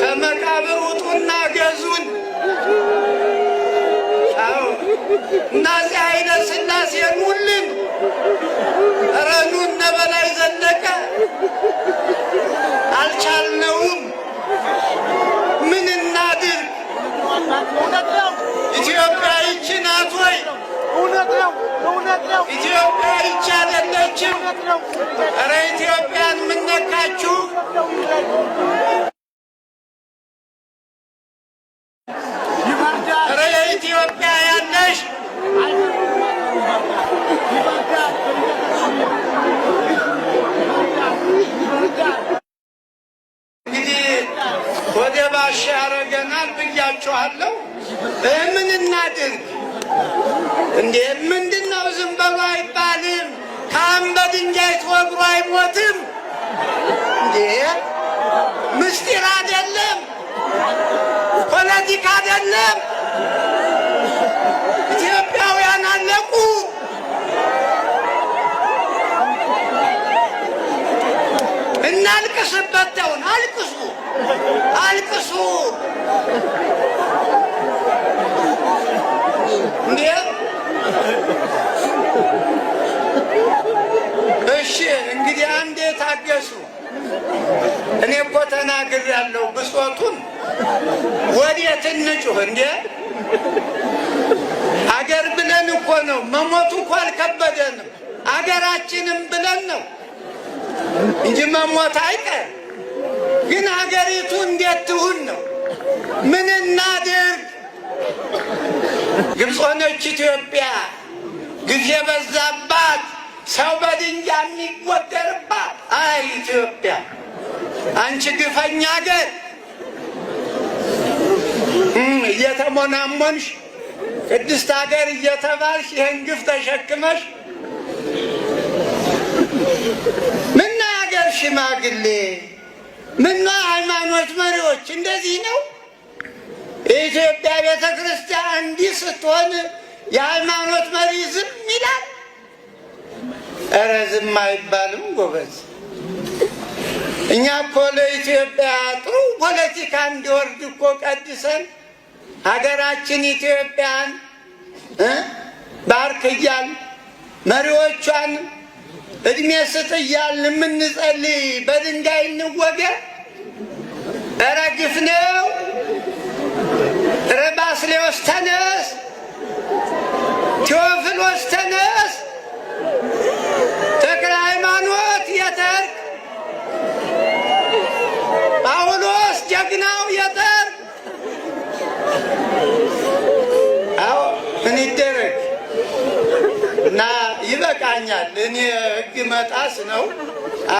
ከመቃብር ውጡና ገዙን። እናዚህ አይነት ስላሴ ሙልን ረኑ ነበላይ ዘለቀ አልቻልነውም። ምን እናድርግ? ኢትዮጵያ ይቺ ናት ወይ? ኢትዮጵያ ይቺ አይደለችም። ኧረ ኢትዮጵያን የምነካችሁ ባሻ ያደረገናል ብያችኋለሁ። ምን እናድርግ እንዴ? ምንድን ነው ዝም በሉ አይባልም። ካም በድንጋይ ተወግሮ አይሞትም እንዴ? ምስጢር አይደለም፣ ፖለቲካ አይደለም። እናልቅስበት ተውን አልቅሱ፣ አልቅሱ እሺ እንግዲህ አንዴ ታገሱ። እኔ እኮ ተናግሬያለሁ። ብሶቱን ወዴት እንጩህ እንዴ? አገር ብለን እኮ ነው። መሞቱ እኮ አልከበደንም። አገራችንም ብለን ነው እንጂ መሞት አይቀር። ግን ሀገሪቱ እንዴት ትሁን ነው? ምን እናድርግ? ግብፅ ሆነች ኢትዮጵያ፣ ግፍ የበዛባት ሰው በድንጋይ የሚጎደርባት። አይ ኢትዮጵያ፣ አንቺ ግፈኛ ሀገር እየተሞናሞንሽ ቅድስት ሀገር እየተባልሽ ይህን ግፍ ተሸክመሽ ምን ሽማግሌ ምና ሃይማኖት መሪዎች እንደዚህ ነው። የኢትዮጵያ ቤተ ክርስቲያን እንዲህ ስትሆን የሃይማኖት መሪ ዝም ይላል? እረ ዝም አይባልም ጎበዝ። እኛ እኮ ለኢትዮጵያ ጥሩ ፖለቲካ እንዲወርድ እኮ ቀድሰን ሀገራችን ኢትዮጵያን ባርክያል መሪዎቿን እድሜ ስጥ እያል የምንጸልይ በድንጋይ ንወገ ረግፍ ነው። ረባስሌዎስ ተነስ፣ ቴዎፍሎስ ተነስ፣ ተክለ ሃይማኖት የጠርቅ ጳውሎስ ጀግናው የጠርቅ አዎ ምን ይደረግ እና ይበቃኛል። እኔ ህግ መጣስ ነው።